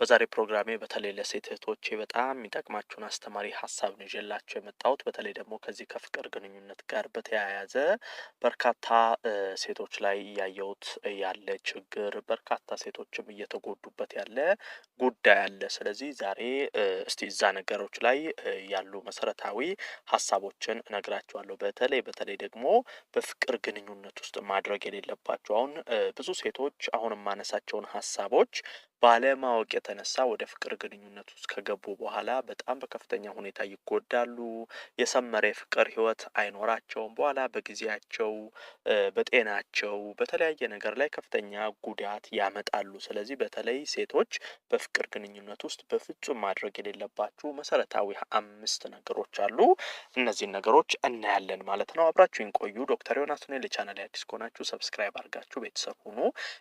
በዛሬ ፕሮግራሜ በተለይ ለሴት እህቶቼ በጣም የሚጠቅማችሁን አስተማሪ ሀሳብ ነው ይዤላችሁ የመጣሁት። በተለይ ደግሞ ከዚህ ከፍቅር ግንኙነት ጋር በተያያዘ በርካታ ሴቶች ላይ እያየሁት ያለ ችግር፣ በርካታ ሴቶችም እየተጎዱበት ያለ ጉዳይ አለ። ስለዚህ ዛሬ እስቲ እዛ ነገሮች ላይ ያሉ መሰረታዊ ሀሳቦችን እነግራችኋለሁ። በተለይ በተለይ ደግሞ በፍቅር ግንኙነት ውስጥ ማድረግ የሌለባቸው አሁን ብዙ ሴቶች አሁን የማነሳቸውን ሀሳቦች ባለማወቅ የተነሳ ወደ ፍቅር ግንኙነት ውስጥ ከገቡ በኋላ በጣም በከፍተኛ ሁኔታ ይጎዳሉ። የሰመረ የፍቅር ህይወት አይኖራቸውም። በኋላ በጊዜያቸው፣ በጤናቸው፣ በተለያየ ነገር ላይ ከፍተኛ ጉዳት ያመጣሉ። ስለዚህ በተለይ ሴቶች በፍቅር ግንኙነት ውስጥ በፍጹም ማድረግ የሌለባችሁ መሰረታዊ አምስት ነገሮች አሉ። እነዚህን ነገሮች እናያለን ማለት ነው። አብራችሁን ቆዩ። ዶክተር ዮናስ ነኝ። ለቻናል አዲስ ከሆናችሁ ሰብስክራይብ አድርጋችሁ ቤተሰብ ሁኑ።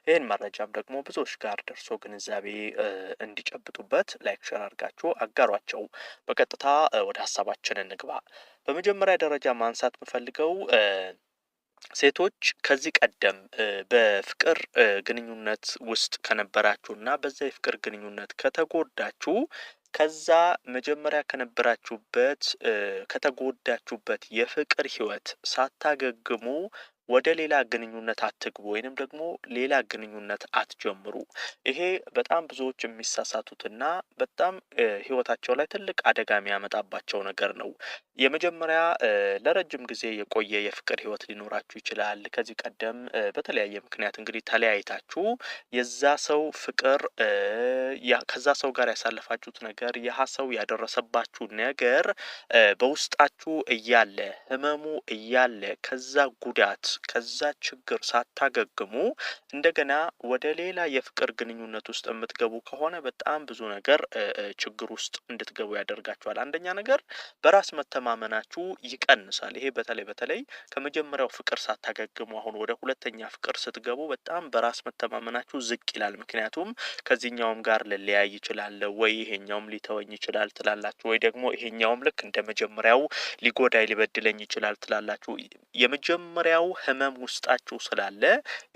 ይህን መረጃም ደግሞ ብዙዎች ጋር ደርሶ ግንዛቤ ግንዛቤ እንዲጨብጡበት ላይክ ሸር አድርጋችሁ አጋሯቸው። በቀጥታ ወደ ሀሳባችን እንግባ። በመጀመሪያ ደረጃ ማንሳት የምፈልገው ሴቶች ከዚህ ቀደም በፍቅር ግንኙነት ውስጥ ከነበራችሁ እና በዛ የፍቅር ግንኙነት ከተጎዳችሁ ከዛ መጀመሪያ ከነበራችሁበት ከተጎዳችሁበት የፍቅር ህይወት ሳታገግሙ ወደ ሌላ ግንኙነት አትግቡ ወይንም ደግሞ ሌላ ግንኙነት አትጀምሩ። ይሄ በጣም ብዙዎች የሚሳሳቱትና በጣም ህይወታቸው ላይ ትልቅ አደጋ የሚያመጣባቸው ነገር ነው። የመጀመሪያ ለረጅም ጊዜ የቆየ የፍቅር ህይወት ሊኖራችሁ ይችላል። ከዚህ ቀደም በተለያየ ምክንያት እንግዲህ ተለያይታችሁ የዛ ሰው ፍቅር ከዛ ሰው ጋር ያሳለፋችሁት ነገር ያህ ሰው ያደረሰባችሁ ነገር በውስጣችሁ እያለ ህመሙ እያለ ከዛ ጉዳት ከዛ ችግር ሳታገግሙ እንደገና ወደ ሌላ የፍቅር ግንኙነት ውስጥ የምትገቡ ከሆነ በጣም ብዙ ነገር ችግር ውስጥ እንድትገቡ ያደርጋችኋል። አንደኛ ነገር በራስ መተማመናችሁ ይቀንሳል። ይሄ በተለይ በተለይ ከመጀመሪያው ፍቅር ሳታገግሙ አሁን ወደ ሁለተኛ ፍቅር ስትገቡ በጣም በራስ መተማመናችሁ ዝቅ ይላል። ምክንያቱም ከዚህኛውም ጋር ልለያይ ይችላል ወይ ይሄኛውም ሊተወኝ ይችላል ትላላችሁ፣ ወይ ደግሞ ይሄኛውም ልክ እንደ መጀመሪያው ሊጎዳይ ሊበድለኝ ይችላል ትላላችሁ። የመጀመሪያው ህመም ውስጣችሁ ስላለ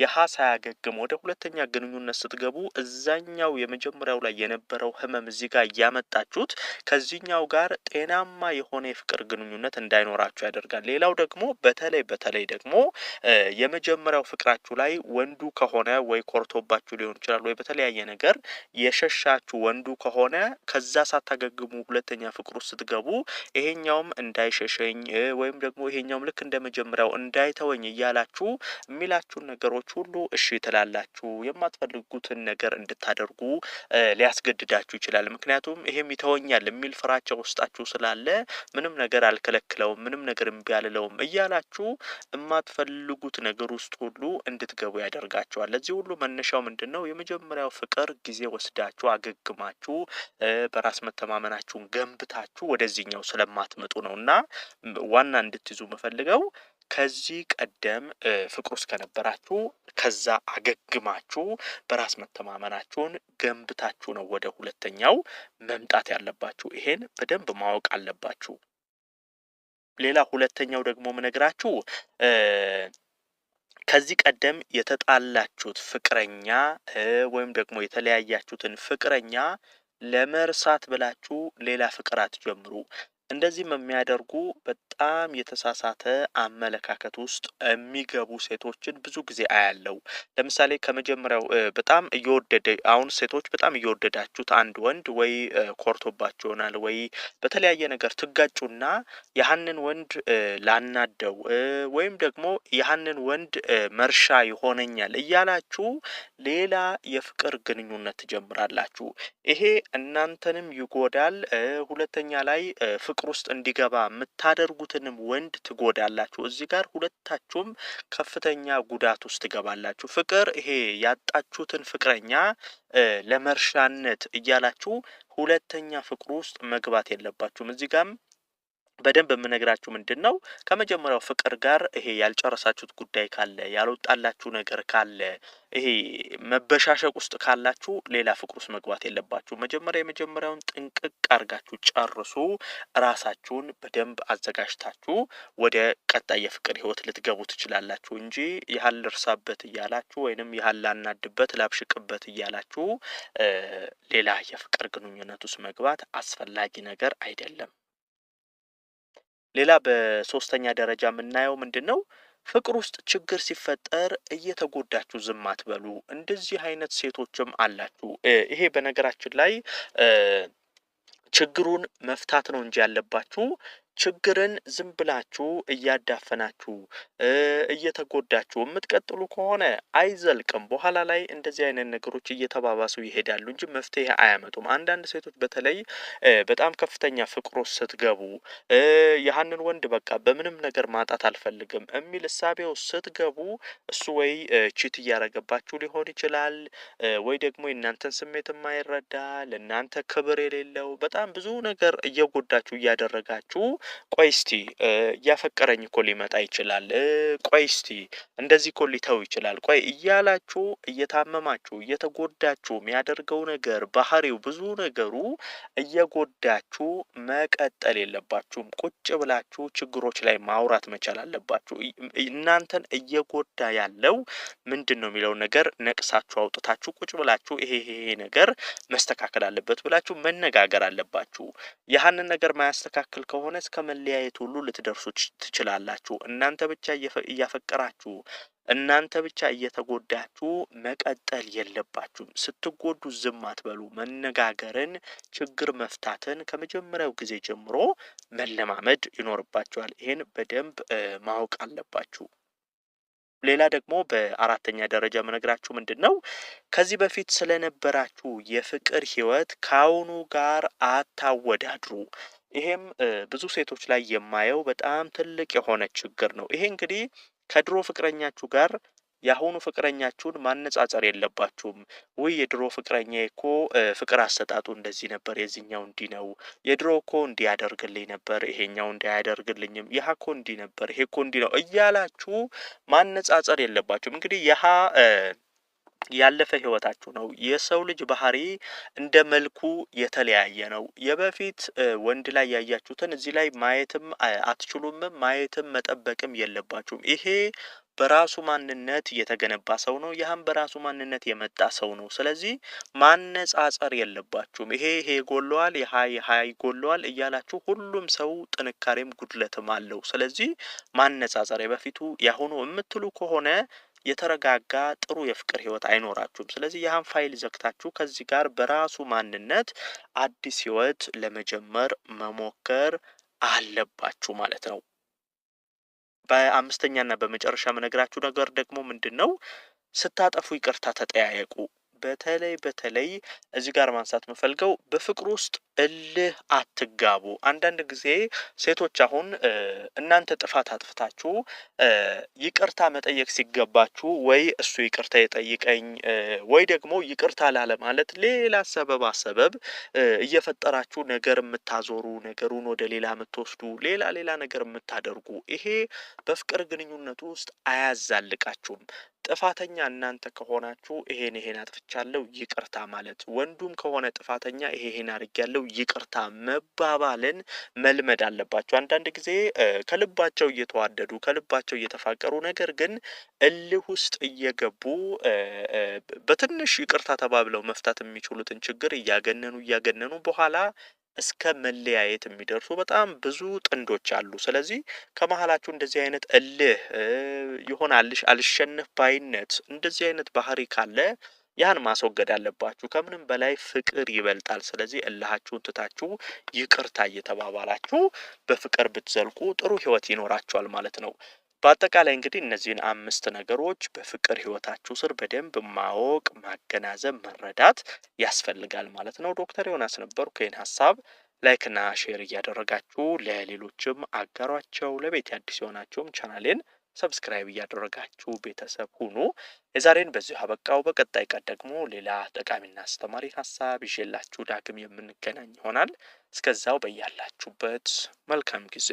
ያሀ ሳያገግም ወደ ሁለተኛ ግንኙነት ስትገቡ እዛኛው የመጀመሪያው ላይ የነበረው ህመም እዚህ ጋር እያመጣችሁት ከዚህኛው ጋር ጤናማ የሆነ የፍቅር ግንኙነት እንዳይኖራችሁ ያደርጋል። ሌላው ደግሞ በተለይ በተለይ ደግሞ የመጀመሪያው ፍቅራችሁ ላይ ወንዱ ከሆነ ወይ ኮርቶባችሁ ሊሆን ይችላል ወይ በተለያየ ነገር የሸሻችሁ ወንዱ ከሆነ ከዛ ሳታገግሙ ሁለተኛ ፍቅሩ ስትገቡ ይሄኛውም እንዳይሸሸኝ ወይም ደግሞ ይሄኛውም ልክ እንደመጀመሪያው እንዳይተወኝ እያላችሁ የሚላችሁን ነገሮች ሁሉ እሺ ትላላችሁ። የማትፈልጉትን ነገር እንድታደርጉ ሊያስገድዳችሁ ይችላል። ምክንያቱም ይሄም ይተወኛል የሚል ፍራቻ ውስጣችሁ ስላለ ምንም ነገር አልከለክለውም፣ ምንም ነገር እምቢ አልለውም እያላችሁ የማትፈልጉት ነገር ውስጥ ሁሉ እንድትገቡ ያደርጋችኋል። ለዚህ ሁሉ መነሻው ምንድን ነው? የመጀመሪያው ፍቅር ጊዜ ወስዳችሁ አገግማችሁ በራስ መተማመናችሁን ገንብታችሁ ወደዚህኛው ስለማትመጡ ነው እና ዋና እንድትይዙ የምፈልገው ከዚህ ቀደም ፍቅር ውስጥ ከነበራችሁ ከዛ አገግማችሁ በራስ መተማመናችሁን ገንብታችሁ ነው ወደ ሁለተኛው መምጣት ያለባችሁ። ይሄን በደንብ ማወቅ አለባችሁ። ሌላ ሁለተኛው ደግሞ ምነግራችሁ ከዚህ ቀደም የተጣላችሁት ፍቅረኛ ወይም ደግሞ የተለያያችሁትን ፍቅረኛ ለመርሳት ብላችሁ ሌላ ፍቅር አትጀምሩ። እንደዚህም የሚያደርጉ በጣም የተሳሳተ አመለካከት ውስጥ የሚገቡ ሴቶችን ብዙ ጊዜ አያለው። ለምሳሌ ከመጀመሪያው በጣም እየወደደ አሁን ሴቶች በጣም እየወደዳችሁት አንድ ወንድ ወይ ኮርቶባችሁ ይሆናል ወይ በተለያየ ነገር ትጋጩና ያህንን ወንድ ላናደው ወይም ደግሞ ያህንን ወንድ መርሻ ይሆነኛል እያላችሁ ሌላ የፍቅር ግንኙነት ትጀምራላችሁ። ይሄ እናንተንም ይጎዳል። ሁለተኛ ላይ ፍቅ ፍቅር ውስጥ እንዲገባ የምታደርጉትንም ወንድ ትጎዳላችሁ። እዚህ ጋር ሁለታችሁም ከፍተኛ ጉዳት ውስጥ ትገባላችሁ። ፍቅር ይሄ ያጣችሁትን ፍቅረኛ ለመርሻነት እያላችሁ ሁለተኛ ፍቅር ውስጥ መግባት የለባችሁም። እዚህ ጋም በደንብ የምነግራችሁ ምንድን ነው ከመጀመሪያው ፍቅር ጋር ይሄ ያልጨረሳችሁት ጉዳይ ካለ ያልወጣላችሁ ነገር ካለ ይሄ መበሻሸቅ ውስጥ ካላችሁ ሌላ ፍቅር ውስጥ መግባት የለባችሁ። መጀመሪያ የመጀመሪያውን ጥንቅቅ አድርጋችሁ ጨርሱ። ራሳችሁን በደንብ አዘጋጅታችሁ ወደ ቀጣይ የፍቅር ህይወት ልትገቡ ትችላላችሁ እንጂ ያህል ልርሳበት እያላችሁ ወይንም ያህል ላናድበት፣ ላብሽቅበት እያላችሁ ሌላ የፍቅር ግንኙነት ውስጥ መግባት አስፈላጊ ነገር አይደለም። ሌላ በሶስተኛ ደረጃ የምናየው ምንድን ነው? ፍቅር ውስጥ ችግር ሲፈጠር እየተጎዳችሁ ዝም አትበሉ። እንደዚህ አይነት ሴቶችም አላችሁ። ይሄ በነገራችን ላይ ችግሩን መፍታት ነው እንጂ ያለባችሁ ችግርን ዝም ብላችሁ እያዳፈናችሁ እየተጎዳችሁ የምትቀጥሉ ከሆነ አይዘልቅም። በኋላ ላይ እንደዚህ አይነት ነገሮች እየተባባሱ ይሄዳሉ እንጂ መፍትሄ አያመጡም። አንዳንድ ሴቶች በተለይ በጣም ከፍተኛ ፍቅሮ ስትገቡ ያህንን ወንድ በቃ በምንም ነገር ማጣት አልፈልግም የሚል እሳቤው ስትገቡ እሱ ወይ ቺት እያረገባችሁ ሊሆን ይችላል፣ ወይ ደግሞ የእናንተን ስሜት የማይረዳ ለእናንተ ክብር የሌለው በጣም ብዙ ነገር እየጎዳችሁ እያደረጋችሁ ቆይ እስቲ እያፈቀረኝ እኮ ሊመጣ ይችላል፣ ቆይ እስቲ እንደዚህ እኮ ሊተው ይችላል፣ ቆይ እያላችሁ እየታመማችሁ እየተጎዳችሁ የሚያደርገው ነገር ባህሪው፣ ብዙ ነገሩ እየጎዳችሁ መቀጠል የለባችሁም። ቁጭ ብላችሁ ችግሮች ላይ ማውራት መቻል አለባችሁ። እናንተን እየጎዳ ያለው ምንድን ነው የሚለው ነገር ነቅሳችሁ አውጥታችሁ ቁጭ ብላችሁ ይሄ ይሄ ነገር መስተካከል አለበት ብላችሁ መነጋገር አለባችሁ። ያህንን ነገር ማያስተካክል ከሆነ እስከ መለያየት ሁሉ ልትደርሱ ትችላላችሁ። እናንተ ብቻ እያፈቀራችሁ እናንተ ብቻ እየተጎዳችሁ መቀጠል የለባችሁም። ስትጎዱ ዝም አትበሉ። መነጋገርን፣ ችግር መፍታትን ከመጀመሪያው ጊዜ ጀምሮ መለማመድ ይኖርባችኋል። ይህን በደንብ ማወቅ አለባችሁ። ሌላ ደግሞ በአራተኛ ደረጃ መነግራችሁ ምንድን ነው፣ ከዚህ በፊት ስለነበራችሁ የፍቅር ህይወት ከአሁኑ ጋር አታወዳድሩ። ይሄም ብዙ ሴቶች ላይ የማየው በጣም ትልቅ የሆነ ችግር ነው። ይሄ እንግዲህ ከድሮ ፍቅረኛችሁ ጋር የአሁኑ ፍቅረኛችሁን ማነጻጸር የለባችሁም። ውይ የድሮ ፍቅረኛ እኮ ፍቅር አሰጣጡ እንደዚህ ነበር፣ የዚህኛው እንዲህ ነው። የድሮ እኮ እንዲያደርግልኝ ነበር፣ ይሄኛው እንዳያደርግልኝም። አያደርግልኝም። እኮ እንዲህ ነበር፣ ይሄ እኮ እንዲህ ነው እያላችሁ ማነጻጸር የለባችሁም። እንግዲህ ይሀ ያለፈ ህይወታችሁ ነው። የሰው ልጅ ባህሪ እንደ መልኩ የተለያየ ነው። የበፊት ወንድ ላይ ያያችሁትን እዚህ ላይ ማየትም አትችሉም ማየትም መጠበቅም የለባችሁም። ይሄ በራሱ ማንነት የተገነባ ሰው ነው። ያህም በራሱ ማንነት የመጣ ሰው ነው። ስለዚህ ማነጻጸር የለባችሁም። ይሄ ይሄ ይጎለዋል፣ ይሀ ይሀ ይጎለዋል እያላችሁ ሁሉም ሰው ጥንካሬም ጉድለትም አለው። ስለዚህ ማነጻጸር የበፊቱ ያሁኑ የምትሉ ከሆነ የተረጋጋ ጥሩ የፍቅር ህይወት አይኖራችሁም። ስለዚህ ያህን ፋይል ዘግታችሁ ከዚህ ጋር በራሱ ማንነት አዲስ ህይወት ለመጀመር መሞከር አለባችሁ ማለት ነው። በአምስተኛና በመጨረሻ የምነግራችሁ ነገር ደግሞ ምንድን ነው? ስታጠፉ ይቅርታ ተጠያየቁ። በተለይ በተለይ እዚህ ጋር ማንሳት የምፈልገው በፍቅር ውስጥ እልህ አትጋቡ። አንዳንድ ጊዜ ሴቶች አሁን እናንተ ጥፋት አጥፍታችሁ ይቅርታ መጠየቅ ሲገባችሁ ወይ እሱ ይቅርታ የጠይቀኝ ወይ ደግሞ ይቅርታ ላለማለት ሌላ ሰበብ አሰበብ እየፈጠራችሁ ነገር የምታዞሩ ነገሩን ወደ ሌላ የምትወስዱ ሌላ ሌላ ነገር የምታደርጉ ይሄ በፍቅር ግንኙነቱ ውስጥ አያዛልቃችሁም። ጥፋተኛ እናንተ ከሆናችሁ ይሄን ይሄን አጥፍቻለሁ ይቅርታ ማለት፣ ወንዱም ከሆነ ጥፋተኛ ይሄ ይሄን አድርጌያለሁ ይቅርታ መባባልን መልመድ አለባቸው። አንዳንድ ጊዜ ከልባቸው እየተዋደዱ ከልባቸው እየተፋቀሩ ነገር ግን እልህ ውስጥ እየገቡ በትንሽ ይቅርታ ተባብለው መፍታት የሚችሉትን ችግር እያገነኑ እያገነኑ በኋላ እስከ መለያየት የሚደርሱ በጣም ብዙ ጥንዶች አሉ። ስለዚህ ከመሀላችሁ እንደዚህ አይነት እልህ የሆነ አልሸንፍ ባይነት እንደዚህ አይነት ባህሪ ካለ ያን ማስወገድ አለባችሁ። ከምንም በላይ ፍቅር ይበልጣል። ስለዚህ እልሃችሁን ትታችሁ ይቅርታ እየተባባላችሁ በፍቅር ብትዘልቁ ጥሩ ህይወት ይኖራችኋል ማለት ነው። በአጠቃላይ እንግዲህ እነዚህን አምስት ነገሮች በፍቅር ህይወታችሁ ስር በደንብ ማወቅ፣ ማገናዘብ፣ መረዳት ያስፈልጋል ማለት ነው። ዶክተር ዮናስ ነበሩ። ይህን ሀሳብ ላይክና ሼር እያደረጋችሁ ለሌሎችም አጋሯቸው። ለቤት አዲስ የሆናችሁም ቻናሌን ሰብስክራይብ እያደረጋችሁ ቤተሰብ ሁኑ። የዛሬን በዚሁ አበቃው። በቀጣይ ቀን ደግሞ ሌላ ጠቃሚና አስተማሪ ሀሳብ ይዤላችሁ ዳግም የምንገናኝ ይሆናል። እስከዛው በያላችሁበት መልካም ጊዜ